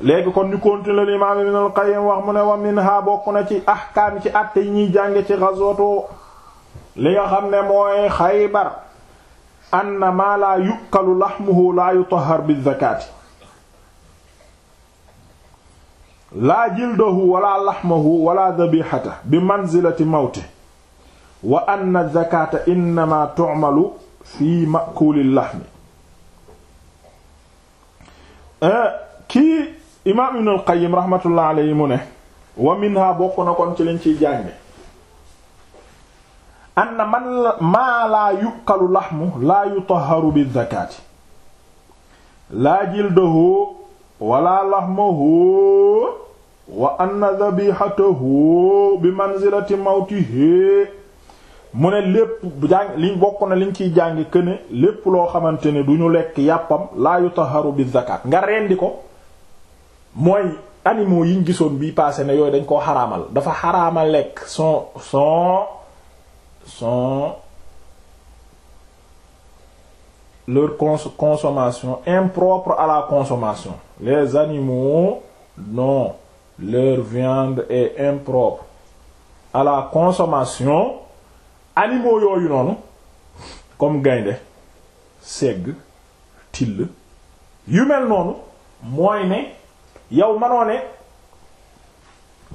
léegi kon ñu continuer l imaam ibn al-Qayyim wax mu ne wa minha bokk na ci ahkaam ci àtte yi ñuy jànge ci ghazwatu li nga xam ne mooy Xaybar anna ma la yukalu lahmuhu la yutahhar bizakaati laa jildahu wala lahmahu wala dhabihata bi manzilati mawti wa anna zakata innama tu'malu fi makulil lahmi eh, kii imaam ibn al qayyim rahmatullah alayhi mu ne wa minha bokk na kon ci liñ ciy jànge anna man maa laa yukalu laxmu laa yutaharu bi zakaati laa jildahu wala laxmahu wa anna dhabihatahu bi manzilati mawtihi mu ne lépp jàng li bokk na liñ ciy jàng këne lépp loo xamante ni du ñu lekk yàppam laa yutaharu bi zakaat nga rendi ko mooy animaux yiñ gisoon bii passé na yooyu dañ koo xaraamal dafa xaraama lekk son son son leur cons consommation impropre à la consommation les animaux non leur viande est impropre à la consommation animaux yooyu noonu comme gaynde segg till yu mel noonu mooy ne yow manoo ne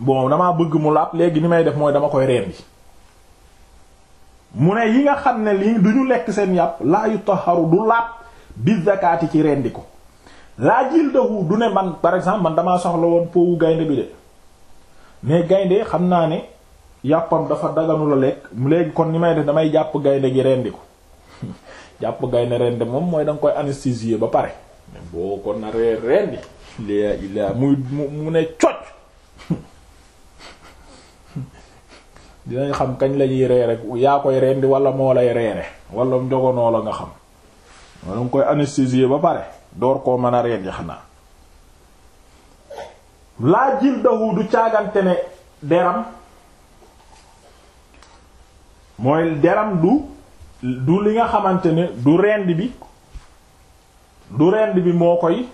bon damaa bëgg mu laab léegi ni may def mooy dama koy rendi mu ne yi nga xam ne lii du ñu lekk seen yàpp laa yu taxaru du laab bi zakaati ci rendi ko laa jil dahu du ne man par exemple man damaa soxla woon powu gaynde bi de mais gaynde xam naa ne yàppam dafa daganu la lekk léegi kon ni may def damay jàpp gaynde gi rendi ko jàpp gaynde rendi moom mooy danga koy anesthésier ba pare boo ko naree rendi laa ilaa muy mu ne cocc dinañ xam kañ lañuy reere yaa koy rend wala moo lay reere wala njogonoo la nga xam wala nga koy anesthésier ba pare door koo mën a rendi xanaa laa jil dahu du caagante ne deram mooy deram du du li nga xamante ne du rend bi du rend bi moo koy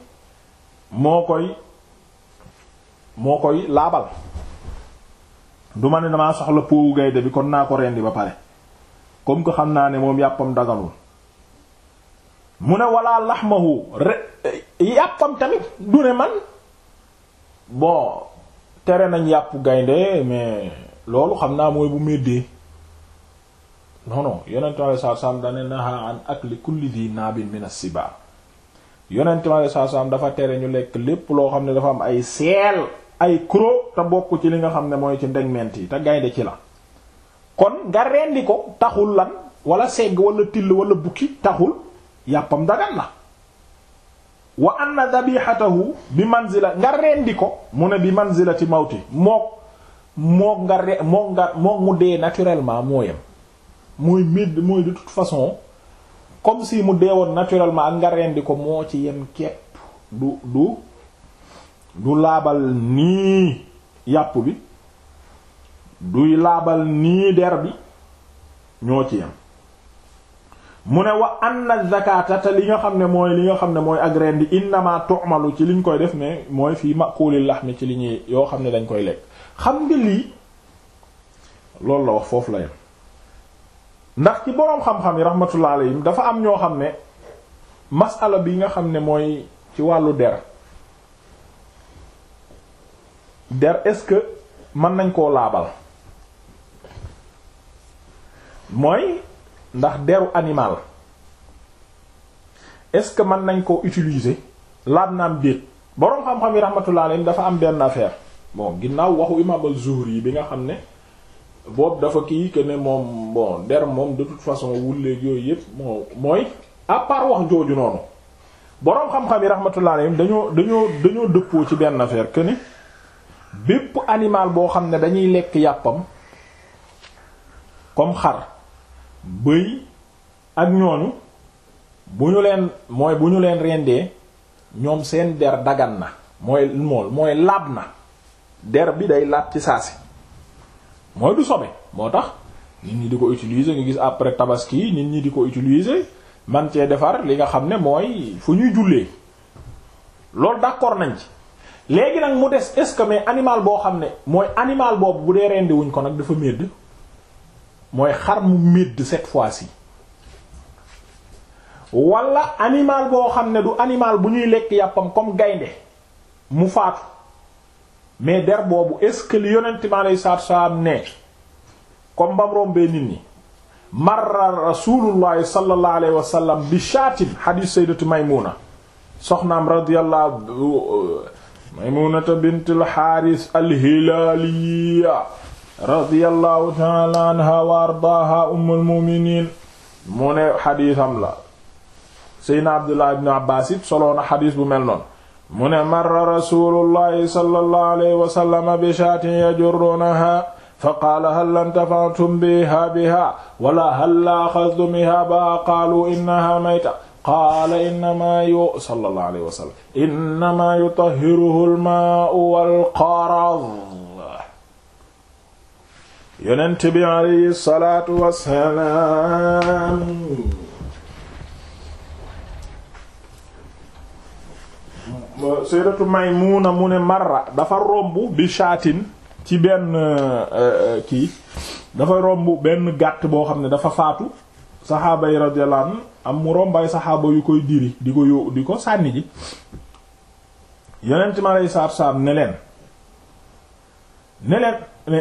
moo koy moo koy laabal du ma ne damaa soxla poowu gaynde bi kon naa ko rendi ba pare comme que xam naa ne moom yàppam daganul mu ne wala laxmahu re yàppam tamit du ne man bon tere nañ yàpp gaynde mais loolu xam naa mooy bu méddee non non yonentu Yàlla sallallahu alayhi wasallam dane naha an akli kulli dhi nabin min as yonent mi alayhi salaam dafa tere ñu lekk lépp loo xam ne dafa am ay seel ay croc te bokk ci li nga xam ne mooy ci ndegment yi te gaynde ci la kon nga rendi ko taxul lan wala segg wala till wala bukki taxul yàppam dagan la wa anna dhabihatahu bi manzila nga rendi ko mu ne bi manzilati mawti mook mook nga re mook nga mook mu dee naturellement mooyam yem mooy mid mooy de toute façon comme si mu deewoon naturellement ak nga rendi ko moo ci yem kepp du du du laabal nii yàpp bi duy laabal nii der bi ñoo ci yem mu ne wa anna zakata te li nga xam ne mooy li nga xam ne mooy ak rendi innama tu'malu ci liñ koy def ne mooy fii maqulil lahmi ci li ñuy yoo xam ne dañ koy lekk xam nga lii loolu la wax foofu la yem ndax ci boroom xam-xam yi rahmatullah alayhim dafa am ñoo xam ne masala bi nga xam ne mooy ci wàllu der der est-ce que mën nañ koo laabal mooy ndax deru animal est-ce que mën nañ koo utiliser laab naam déet boroom xam-xam yi rahmatullah alayhim dafa am benn affaire bon ginnaaw waxu imam al yi bi nga xam ne boobu dafa kii que ne moom bon der moom de toute façon wulleeg yooyu yëpp moo mooy à wax jooju noonu boroom xam-xam yi rahmatullah alayhim dañoo dañoo dañoo dëppoo ci benn affaire que bépp animal boo xam ne dañuy lekk yàppam comme xar bëy ak ñooñu bu ñu leen mooy bu ñu leen rendee ñoom seen der dagan na mooy mool mooy laab na der bi day laab ci saasi mooy du sobe moo tax nit ñi di ko utiliser nga gis après tabaski nit ñi di ko utiliser man cee defar li nga xam ne mooy fu ñuy jullee loolu d'accord nañ ci léegi nag mu des est-ce que mais animal boo xam ne mooy animal boobu bu dee rendi ko nag dafa médd mooy xar mu médd cette fois-ci wala animal boo xam ne du animal bu ñuy lekk yàppam comme gaynde mu faatu mais der boobu est-ce que li yonent bi alayhi salaatu salaam ne comme bam rombee nit ñi marra rasulullahi sallallahu alayhi wa sallam bi shaatin hadith sayyidatu maymuna soxnaam radiyallahu maymunata bint al-haaris al-hilaaliya radiyallahu ta'ala anha wa ardaaha ummul mu'minin mu ne xadiisam la seydna abdullah ibn abbaas it soloona xadiis bu mel noonu mu ne marra rasulullahi sallallahu alayhi wa sallam bi shaatin yajurrunaha fa qaala hal intafa'tum biha biha wala hal axadtum biha ba qaalu innaha mayta qaala innamaa yu sallallahu alayhi wa sallam innamaa yutahhiruhu al-maa'u wal-qarad yonent bi alayhi salaatu wa salaam sayyidatu Maymuna mu ne marra dafa romb bi shaatin ci benn euh, euh, kii dafa romb benn gàtt boo xam ne dafa faatu saxaaba yi radiyallahu anhu am mu rombaay saxaaba yu koy diri di ko yóbbu di ko sànni ji yonent ma lay saab saab ne leen ne leen ne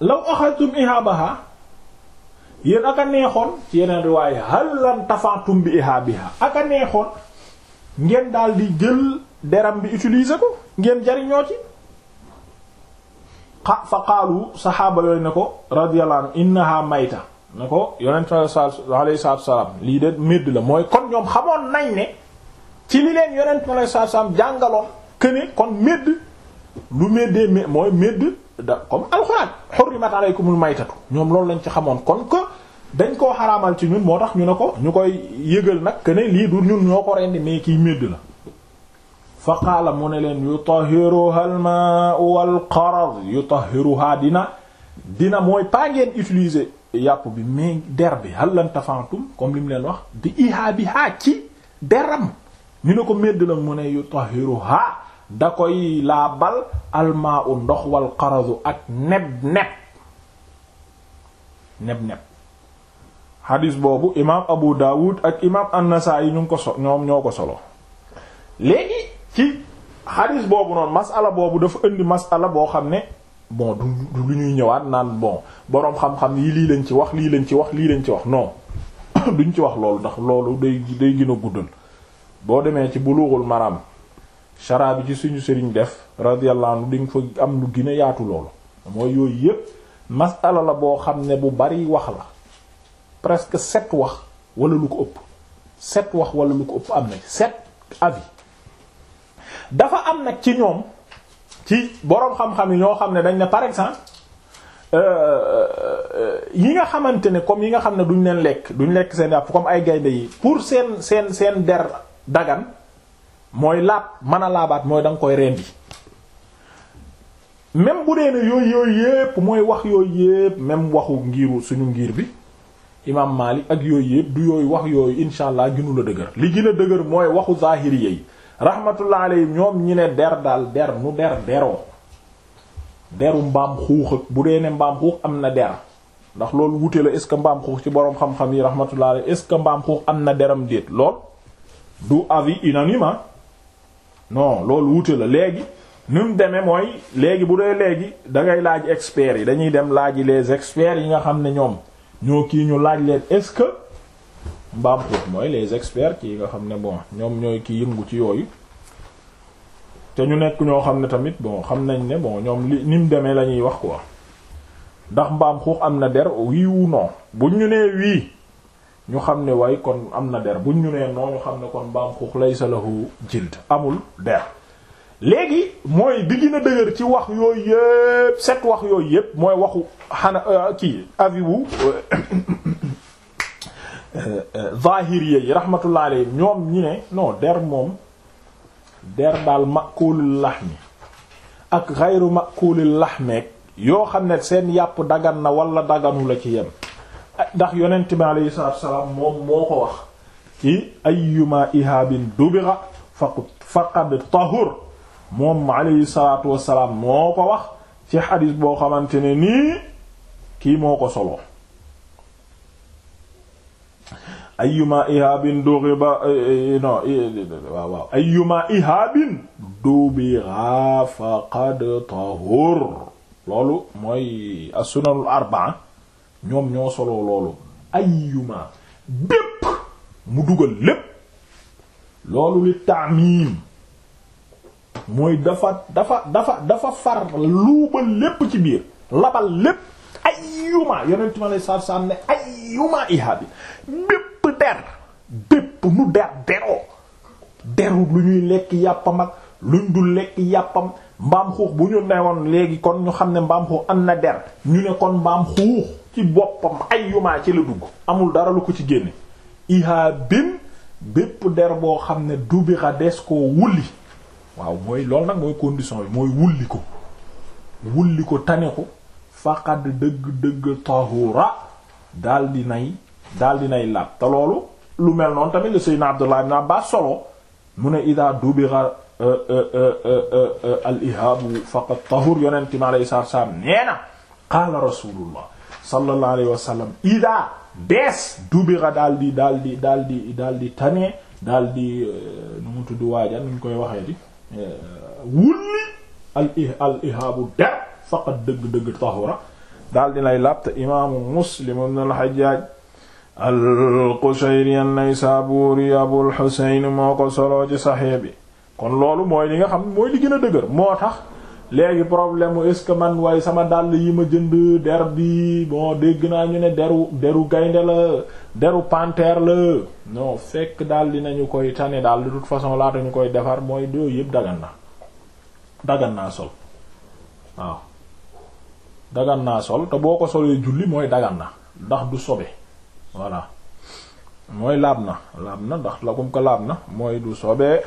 law axadtum ihaabaha yéen aka neexoon ci yeneen riwaay hal lan tafaatum bi ihaabiha aka neexoon ngeen daal di jël deram bi utiliser ko ngeen jariñoo ci xa fa qaalu saxaaba yooyu ne ko radiyallahu anhu mayta ne ko yonent alayhi salaatu salaam lii de médd la mooy kon ñoom xamoon nañ ne ci li leen yonent alayhi salaatu salaam jàngaloon këne kon médd lu méddee mé mooy médd da comme alxuraan hurrimat alaykumul maytatu ñoom loolu lañ ci xamoon kon que dañ koo xaraamal ci ñun moo tax ñu ne ko ñu koy yëgal nag këne lii du ñun ñoo ko rendi mais kiy médd la fa qaala mu ne leen yutahiruha al ma'u yu qarad yutahiruha dina dina mooy pas ngeen utiliser yàpp bi mais der bi hallan tafantum comme li mu leen wax bi ihaabihaa ci deram ñu ne ko medd la mu ne yutahiruha da koy laabal al ma'u ndox wal qaradu ak neb neb neb neb xadis boobu imaam Abu Dawud ak imaam An-Nasa'i ñu ngi ko solo léegi ci xadis boobu noonu masala boobu dafa indi masala boo xam ne bon du lu ñuy ñëwaat naan bon boroom xam-xam yi lii leen ci wax lii lañ ci wax lii lañ ci wax non duñ ci wax loolu ndax loolu day day gën a guddal boo demee ci bulughul maram chara bi ci suñu sëriñ def radiyallahu anhu di nga fa am lu gën a yaatu loolu mooy yooyu yëpp masala la boo xam ne bu bari wax la presque sept wax wala lu ko ëpp set wax wala lu ko ëpp am na sept avis dafa am nag ci ñoom ci boroom xam-xam yi ñoo xam ne dañ ne par exemple euh, euh, yi nga xamante ne comme yi nga xam ne duñ leen lekk duñ lekk seen yàpp comme ay gaynde yi pour seen seen seen der dagan mooy laab mën a laabaat mooy danga nga koy rendi même bu dee ne yooyu yooyu yépp mooy wax yooyu yépp même waxu ngiru suñu ngiir bi imam Malik ak yooyu yépp du yooyu wax yooyu insha allah ginu la dëgër li gën a dëgër mooy waxu zahiri yi rahmatullah alayhi ñoom ñi ne der daal der nu der deroo deru mbaam xuux ak bu dee ne mbaam xuux am na der ndax loolu wute la est-ce que mbaam xuux ci boroom xam-xam yi rahmatullah alayhi est-ce que mbaam xuux am na deram déet lool du avis unanime ah. non loolu wute la léegi ni mu demee mooy léegi bu dee léegi da ngay laaj experts yi dañuy dem laaji les experts yi nga xam ne ñoom ñoo kii ñu laaj leen est-ce que mbaamtuut mooy les experts kii nga xam ne bon ñoom ñooy kii yëngu ci yooyu te ñu nekk ñoo xam ne tamit bon xam nañ ne bon ñoom li ni mu demee la ñuy wax quoi ndax mbaam xuux am na der wii wu non buñ ñu nee wii ñu xam ne way kon am na der buñ ñu nee non ñu xam ne kon mbaam xuux lay sa lahu amul der léegi mooy bi gën dëgër ci wax yooyu yëpp set wax yooyu yëpp mooy waxu xana euh, kii avis wu euh, zahiriya yi rahmatullah ñoom ñi ne non der moom der daal makulul lahmi ak xayru makulul lahmeek yoo xam ne seen yàpp dagan na walla daganu la ci yem ndax yonent bi alayhi salaatu wasalaam moom moo ko wax ci ayyuma ihaabin dubira faqad faqad tahur moom alayhi moo ko wax ci xadis boo xamante ne nii kii moo ko solo ayyuma ihaabin dughiba eh, eh, non eh, waaw waaw ayyuma ihaabin dubigha faqad tahur loolu mooy as-sunanul arba'a ñoom ñoo soloo loolu ayyuma bépp mu dugal lépp loolu li taamim mooy dafa dafa dafa dafa far luubal lépp ci biir labal lépp ayyuma yonent ma lay saar saar ne ayyuma ihabi bépp der bépp nu der deroo deru lu ñuy lekk yàppam ak luñ dul lekk yàppam mbaam xuux bu ñu newoon léegi kon ñu xam ne mbaam xuux am na der ñu ne kon mbaam xuux ci boppam ayyuma ci la dugg amul dara lu ko ci génne ihabin bépp der boo xam ne du dubira des ko wulli waaw mooy loolu nag mooy condition bi mooy wulli ko wulli ko tane ko faqad dëgg-dëgg tahura daal di nay daal di nay laab te loolu lu mel noonu tamit la seydna Abdullah ibn Abbas solo mu ne ida dubira euh, euh, euh, al ihaabu faqad tahur yonent mi alayhi salaatu salaam nee na qaala rasulullah sallallahu alayhi wa sallam ida bees dubira daal di daal di daal di daal di tane daal di nu mu tudd waaja nuñ koy waxee di wulli al ihaabu der faqat dëgg-dëgg tahura daal dinay làpte imaamu muslim ibn al-Hajjaj al-Qushayri an-Naysaburi Abul Husayn moo ko soloo ci saxee bi kon loolu mooy li nga xam mooy li gën a dëgër moo tax léegi problème est-ce que man way sama dàll yi ma jënd der bi bon dégg naa ñu ne deru deru gaynde la deru panthère la non fekk daal nañu koy tane daal de toute façon laata ñu koy defar mooy yooyu yëpp dagan na dagan naa sol waaw dagan naa sol te boo ko solee julli mooy dagan na ndax du sobe voilà mooy laab na laab na ndax la kum ko laab na mooy du sobe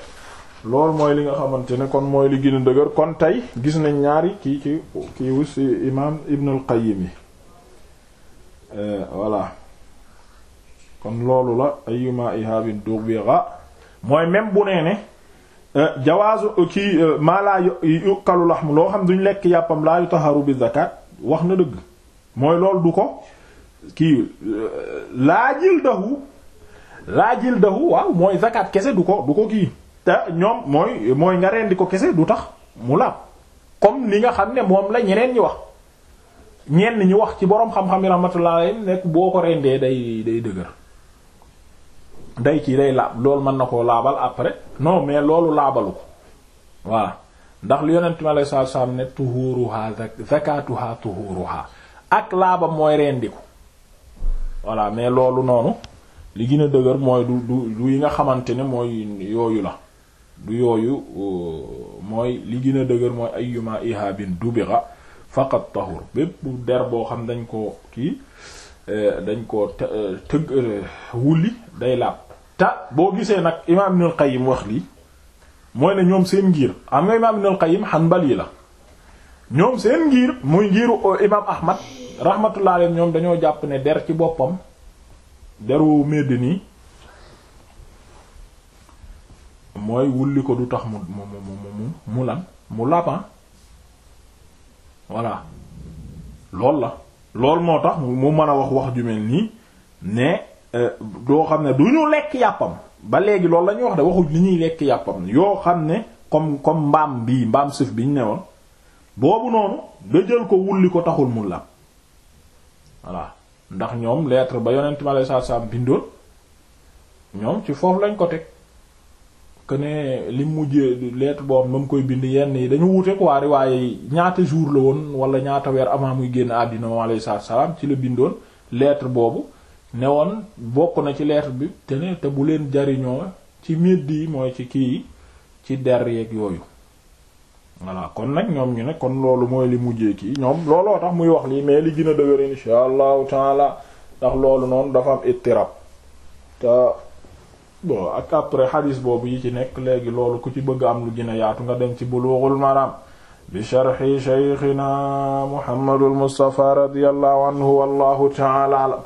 loolu mooy li nga xamante ne kon mooy li gën a dëgër kon tey gis nañ ñaari kii ki kii wu si imaam Ibnul yi euh, voilà kon loolu la ayyuma ihabin dubira mooy même bu nee ne euh, jawaazu kii euh, maa laa yukalu laxmu loo xam duñ lekk yàppam laa yutaharu bi zakat wax na dëgg mooy loolu du ko kii laajil dahu laajil dahu waaw mooy zakat kese du ko du ko kii te ñoom mooy mooy nga rendi ko kese du tax mu laab comme li nga xam ne moom la ñeneen ñi wax ñenn ñi wax ci boroom xam-xam yi rahmatullah nekk boo ko rendee day day dëgër day kii day laab loolu mën na koo laabal après no mais loolu laabalu ko voilà ndax lu yonent mi alei salatu salaam ne tuhuruha zakatuha tuhuruha ak laaba mooy rendi ko voilà mais loolu noonu li gën a dëgër mooy du yi nga xamante ne mooy yooyu la du yooyu euh, mooy li gën a dëgër mooy ayyuma ihabin dubira faqat tahur bépp der boo xam dañ ko kii euh, dañ ko euh, tëgg wulli day laab ta boo gisee nag imam Ibnul Qayyim wax lii mooy ne ñoom seen ngir am nga imaam Ibnul Qayyim Hanbali la ñoom seen ngir muy ngiru euh, imaam Ahmad rahmatullah ñoom dañoo jàpp ne der ci boppam deru medd nii mooy wulli ko du tax mu mu mu mu mu lan mu lappan voilà lool la lool moo tax mu mën a wax wax ju mel nii ne euh, doo xam ne du ñu lekk yàppam ba léegi loolu la wax de waxuñ li ñuy lekk yàppam yoo xam ne comme comme mbaam bi mbaam sëf bi ñu ne woon boobu noonu da jël ko wulli ko taxul mun la voilà ndax ñoom leetre ba yonent ma lay saa saa ñoom ci foofu lañ ko teg que ne li mujjee lettre boo xam ne koy bind yenn yi dañu wuute quoi waaye ñaata jour la woon wala ñaata weer avant muy génn àddina ma saa salaam ci la bindoon leetre boobu. ne woon bokk na ci lettre bi te ne te bu leen jariñoo ci medd yi mooy ci kii yi ci der yeeg yooyu voilà kon nag ñoom ñu ne kon loolu mooy li mujjee kii ñoom looloo tax muy wax lii mais li gën a dëgër insha allahu taala ndax loolu noonu dafa am ittirab te bon ak après xadis boobu yi ci nekk léegi loolu ku ci bëgg am lu gën a yaatu nga dem ci bulughul maram bi sharxi sheykhina muhammadul mustafa radiyallahu anhu wallahu taala